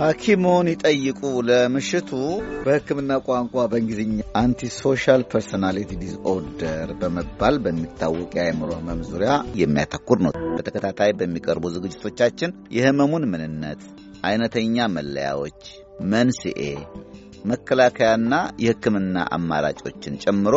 ሐኪሞን ይጠይቁ ለምሽቱ በሕክምና ቋንቋ በእንግሊዝኛ አንቲሶሻል ፐርሶናሊቲ ዲስኦርደር በመባል በሚታወቅ የአእምሮ ህመም ዙሪያ የሚያተኩር ነው። በተከታታይ በሚቀርቡ ዝግጅቶቻችን የህመሙን ምንነት፣ አይነተኛ መለያዎች፣ መንስኤ መከላከያና የሕክምና አማራጮችን ጨምሮ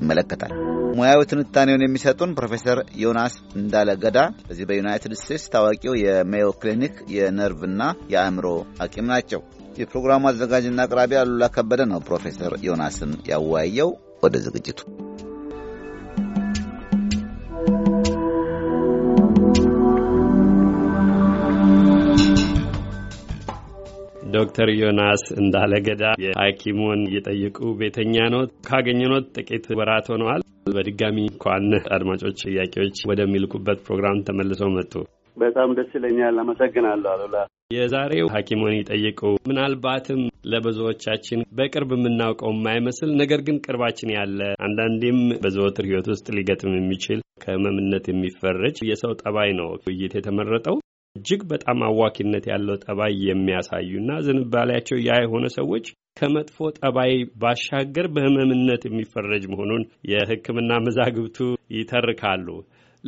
ይመለከታል። ሙያዊ ትንታኔውን የሚሰጡን ፕሮፌሰር ዮናስ እንዳለገዳ በዚህ በዩናይትድ ስቴትስ ታዋቂው የሜዮ ክሊኒክ የነርቭና የአእምሮ ሐኪም ናቸው። የፕሮግራሙ አዘጋጅና አቅራቢ አሉላ ከበደ ነው ፕሮፌሰር ዮናስን ያወያየው። ወደ ዝግጅቱ ዶክተር ዮናስ እንዳለገዳ የሐኪሙን እየጠየቁ ቤተኛ ኖት ካገኘኖት ጥቂት ወራት ሆነዋል። በድጋሚ እንኳን አድማጮች ጥያቄዎች ወደሚልኩበት ፕሮግራም ተመልሰው መጡ። በጣም ደስ ይለኛል። አመሰግናለሁ አሉላ። የዛሬው ሐኪሙን ይጠይቁ ምናልባትም ለብዙዎቻችን በቅርብ የምናውቀው የማይመስል ነገር ግን ቅርባችን ያለ አንዳንዴም በዘወትር ሕይወት ውስጥ ሊገጥም የሚችል ከህመምነት የሚፈረጅ የሰው ጠባይ ነው ውይይት የተመረጠው። እጅግ በጣም አዋኪነት ያለው ጠባይ የሚያሳዩና ዝንባሌያቸው ያ የሆነ ሰዎች ከመጥፎ ጠባይ ባሻገር በህመምነት የሚፈረጅ መሆኑን የሕክምና መዛግብቱ ይተርካሉ።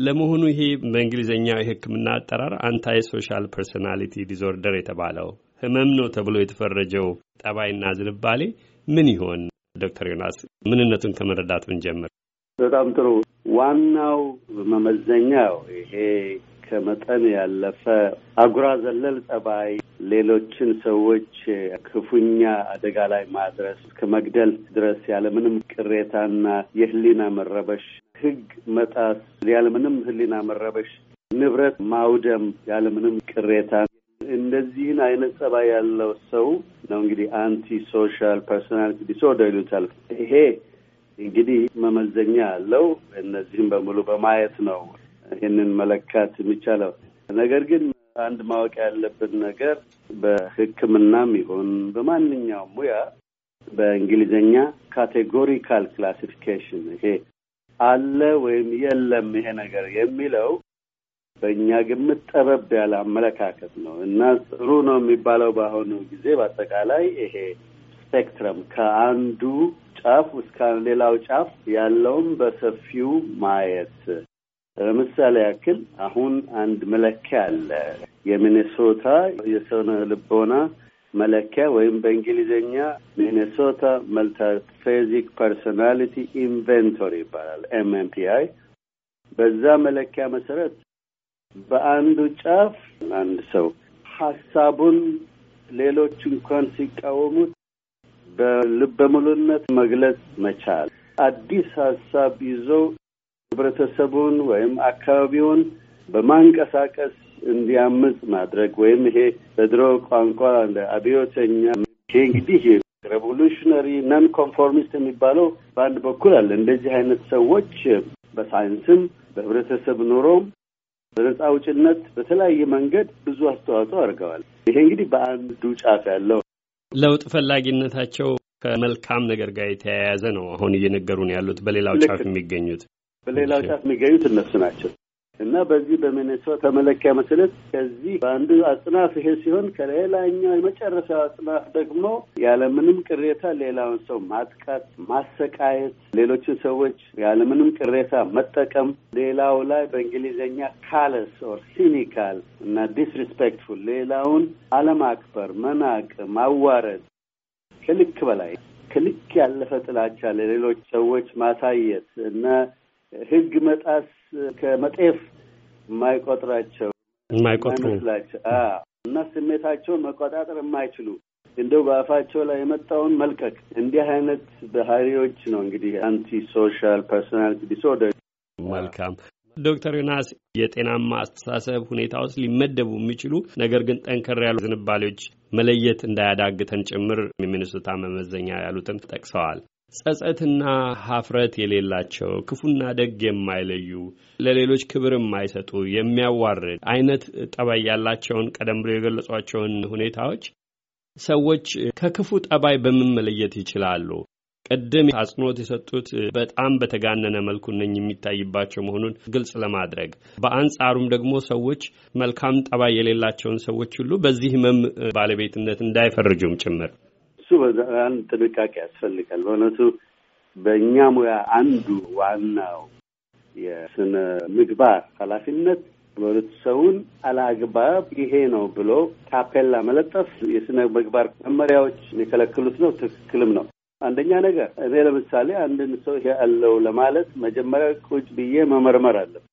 ለመሆኑ ይሄ በእንግሊዝኛው የሕክምና አጠራር አንታይ ሶሻል ፐርሶናሊቲ ዲዞርደር የተባለው ህመም ነው ተብሎ የተፈረጀው ጠባይና ዝንባሌ ምን ይሆን? ዶክተር ዮናስ ምንነቱን ከመረዳት ጀምር። በጣም ጥሩ ዋናው መመዘኛ ይሄ ከመጠን ያለፈ አጉራ ዘለል ጸባይ፣ ሌሎችን ሰዎች ክፉኛ አደጋ ላይ ማድረስ እስከ መግደል ድረስ ያለምንም ቅሬታና የህሊና መረበሽ ህግ መጣስ ያለምንም ህሊና መረበሽ ንብረት ማውደም ያለምንም ቅሬታ እንደዚህን አይነት ጸባይ ያለው ሰው ነው እንግዲህ አንቲ ሶሻል ፐርሶናሊቲ ዲስኦርደር ይሉታል። ይሄ እንግዲህ መመዘኛ ያለው እነዚህም በሙሉ በማየት ነው ይህንን መለካት የሚቻለው። ነገር ግን አንድ ማወቅ ያለብን ነገር በሕክምናም ይሁን በማንኛውም ሙያ በእንግሊዝኛ ካቴጎሪካል ክላሲፊኬሽን ይሄ አለ ወይም የለም ይሄ ነገር የሚለው በእኛ ግምት ጠበብ ያለ አመለካከት ነው እና ጥሩ ነው የሚባለው በአሁኑ ጊዜ በአጠቃላይ ይሄ ስፔክትረም ከአንዱ ጫፍ እስከ ሌላው ጫፍ ያለውን በሰፊው ማየት ለምሳሌ ያክል አሁን አንድ መለኪያ አለ። የሚኔሶታ የስነ ልቦና መለኪያ ወይም በእንግሊዝኛ ሚኔሶታ መልታፌዚክ ፐርሶናሊቲ ኢንቨንቶሪ ይባላል፣ ኤምኤምፒአይ። በዛ መለኪያ መሰረት በአንዱ ጫፍ አንድ ሰው ሀሳቡን ሌሎች እንኳን ሲቃወሙት በልበ ሙሉነት መግለጽ መቻል፣ አዲስ ሀሳብ ይዘው ህብረተሰቡን ወይም አካባቢውን በማንቀሳቀስ እንዲያምፅ ማድረግ ወይም ይሄ በድሮ ቋንቋ አብዮተኛ ይሄ እንግዲህ ሬቮሉሽነሪ ነን ኮንፎርሚስት የሚባለው በአንድ በኩል አለ። እንደዚህ አይነት ሰዎች በሳይንስም በህብረተሰብ ኑሮም በነጻ አውጭነት በተለያየ መንገድ ብዙ አስተዋጽኦ አድርገዋል። ይሄ እንግዲህ በአንዱ ጫፍ ያለው ለውጥ ፈላጊነታቸው ከመልካም ነገር ጋር የተያያዘ ነው። አሁን እየነገሩን ያሉት በሌላው ጫፍ የሚገኙት በሌላው ጫፍ የሚገኙት እነሱ ናቸው እና በዚህ በሚኔሶታ መለኪያ መሰረት ከዚህ በአንዱ አጽናፍ ይሄ ሲሆን ከሌላኛው የመጨረሻው አጽናፍ ደግሞ ያለምንም ቅሬታ ሌላውን ሰው ማጥቃት፣ ማሰቃየት፣ ሌሎችን ሰዎች ያለምንም ቅሬታ መጠቀም፣ ሌላው ላይ በእንግሊዝኛ ካለስ ኦር ሲኒካል እና ዲስሪስፔክትፉል ሌላውን አለማክበር፣ መናቅ፣ ማዋረድ ከልክ በላይ ከልክ ያለፈ ጥላቻ ለሌሎች ሰዎች ማሳየት እና ህግ መጣስ ከመጤፍ የማይቆጥራቸው የማይቆጥሩላቸው እና ስሜታቸውን መቆጣጠር የማይችሉ እንደው በአፋቸው ላይ የመጣውን መልቀቅ እንዲህ አይነት ባህሪዎች ነው እንግዲህ አንቲ ሶሻል ፐርሶናሊቲ ዲስኦርደር። መልካም ዶክተር ዮናስ የጤናማ አስተሳሰብ ሁኔታ ውስጥ ሊመደቡ የሚችሉ ነገር ግን ጠንከር ያሉ ዝንባሌዎች መለየት እንዳያዳግተን ጭምር የሚኒሶታ መመዘኛ ያሉትን ጠቅሰዋል። ጸጸትና ሀፍረት የሌላቸው ክፉና ደግ የማይለዩ ለሌሎች ክብር የማይሰጡ የሚያዋርድ አይነት ጠባይ ያላቸውን ቀደም ብሎ የገለጿቸውን ሁኔታዎች ሰዎች ከክፉ ጠባይ በምን መለየት ይችላሉ? ቅድም አጽንኦት የሰጡት በጣም በተጋነነ መልኩ ነኝ የሚታይባቸው መሆኑን ግልጽ ለማድረግ በአንጻሩም ደግሞ ሰዎች መልካም ጠባይ የሌላቸውን ሰዎች ሁሉ በዚህ ህመም ባለቤትነት እንዳይፈርጁም ጭምር እሱ በዛን ጥንቃቄ ያስፈልጋል። በእውነቱ በእኛ ሙያ አንዱ ዋናው የስነ ምግባር ኃላፊነት በእውነቱ ሰውን አላግባብ ይሄ ነው ብሎ ታፔላ መለጠፍ የስነ ምግባር መመሪያዎች የከለከሉት ነው። ትክክልም ነው። አንደኛ ነገር እኔ ለምሳሌ አንድን ሰው ይሄ ያለው ለማለት መጀመሪያ ቁጭ ብዬ መመርመር አለብኝ።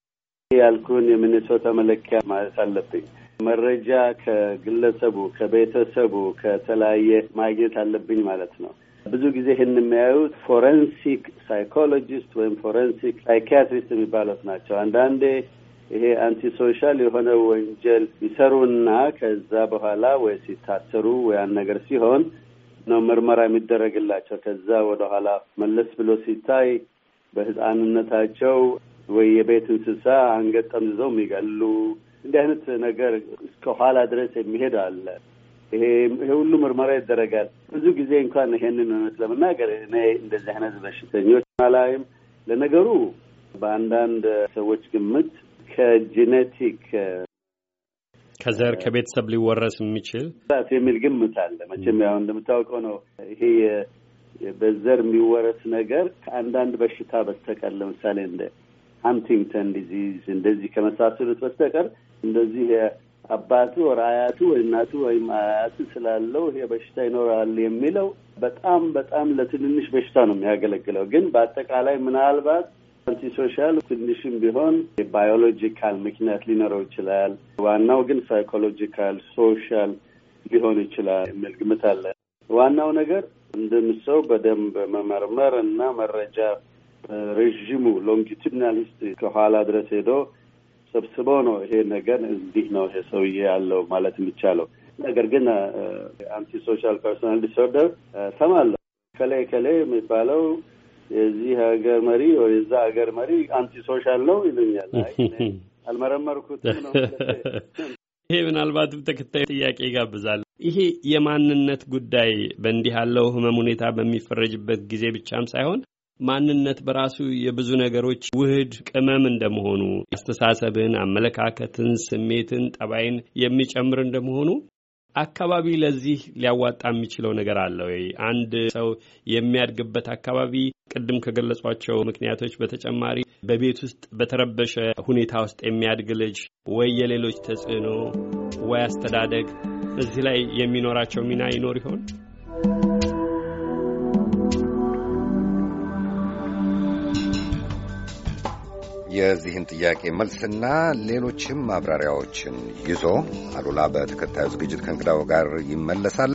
ያልኩህን የሚኒሶታ መለኪያ ማለት አለብኝ። መረጃ ከግለሰቡ ከቤተሰቡ ከተለያየ ማግኘት አለብኝ ማለት ነው። ብዙ ጊዜ ይህን የሚያዩት ፎረንሲክ ሳይኮሎጂስት ወይም ፎረንሲክ ሳይኪያትሪስት የሚባሉት ናቸው። አንዳንዴ ይሄ አንቲ ሶሻል የሆነ ወንጀል ይሰሩና ከዛ በኋላ ወይ ሲታሰሩ ወያን ነገር ሲሆን ነው ምርመራ የሚደረግላቸው። ከዛ ወደኋላ መለስ ብሎ ሲታይ በህፃንነታቸው ወይ የቤት እንስሳ አንገት ጠምዝዘው የሚገሉ እንዲህ አይነት ነገር እስከኋላ ድረስ የሚሄድ አለ። ይሄ ሁሉ ምርመራ ይደረጋል። ብዙ ጊዜ እንኳን ይሄንን እውነት ለመናገር እኔ እንደዚህ አይነት በሽተኞች ላይም ለነገሩ በአንዳንድ ሰዎች ግምት ከጂኔቲክ ከዘር ከቤተሰብ ሊወረስ የሚችል የሚል ግምት አለ። መቼም ያው እንደምታውቀው ነው ይሄ በዘር የሚወረስ ነገር ከአንዳንድ በሽታ በስተቀር ለምሳሌ እንደ ሃንቲንግተን ዲዚዝ እንደዚህ ከመሳሰሉት በስተቀር እንደዚህ አባቱ ወር አያቱ ወይ እናቱ ወይም አያቱ ስላለው ይሄ በሽታ ይኖራል የሚለው በጣም በጣም ለትንንሽ በሽታ ነው የሚያገለግለው። ግን በአጠቃላይ ምናልባት አንቲሶሻል ትንሽም ቢሆን ባዮሎጂካል ምክንያት ሊኖረው ይችላል። ዋናው ግን ሳይኮሎጂካል ሶሻል ሊሆን ይችላል የሚል ግምት አለ። ዋናው ነገር እንደምሰው በደንብ መመርመር እና መረጃ ረዥሙ ሎንጊቱዲናል ሂስትሪ ከኋላ ድረስ ሄዶ ሰብስቦ ነው ይሄ ነገር እንዲህ ነው ይሄ ሰውዬ ያለው ማለት የሚቻለው። ነገር ግን አንቲ ሶሻል ፐርሶናል ዲስኦርደር ሰማለሁ ከላይ ከላይ የሚባለው የዚህ ሀገር መሪ ወይ የዛ ሀገር መሪ አንቲ ሶሻል ነው ይሉኛል። አልመረመርኩት ነው። ይሄ ምናልባትም ተከታይ ጥያቄ ይጋብዛል። ይሄ የማንነት ጉዳይ በእንዲህ ያለው ህመም ሁኔታ በሚፈረጅበት ጊዜ ብቻም ሳይሆን ማንነት በራሱ የብዙ ነገሮች ውህድ ቅመም እንደመሆኑ አስተሳሰብን፣ አመለካከትን፣ ስሜትን፣ ጠባይን የሚጨምር እንደመሆኑ አካባቢ ለዚህ ሊያዋጣ የሚችለው ነገር አለ ወይ? አንድ ሰው የሚያድግበት አካባቢ ቅድም ከገለጿቸው ምክንያቶች በተጨማሪ በቤት ውስጥ በተረበሸ ሁኔታ ውስጥ የሚያድግ ልጅ ወይ የሌሎች ተጽዕኖ ወይ አስተዳደግ እዚህ ላይ የሚኖራቸው ሚና ይኖር ይሆን? የዚህን ጥያቄ መልስና ሌሎችም ማብራሪያዎችን ይዞ አሉላ በተከታዩ ዝግጅት ከእንግዳው ጋር ይመለሳል።